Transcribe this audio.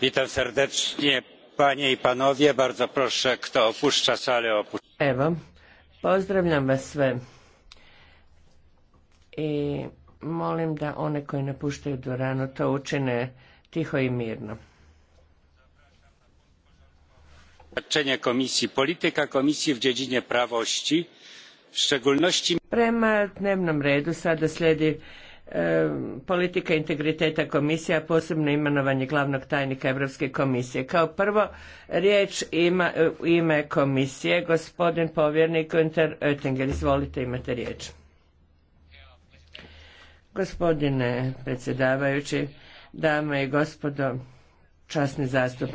witam serdecznie panie i panowie bardzo proszę kto opuszcza salę opuści pozdravljam vas sve i molim da one koji napuštaju dvoranu to učine tiho i mirno oświadczenie komisji polityka komisji w dziedzinie prawości w szczególności prema dnevnom redu sada slijedi politika integriteta komisija, posebno imenovanje glavnog tajnika Europske komisije. Kao prvo, riječ ima e, u ime komisije gospodin povjernik Günter Oettinger. Izvolite, imate riječ. Gospodine predsjedavajući, dame i gospodo, časni zastupnici,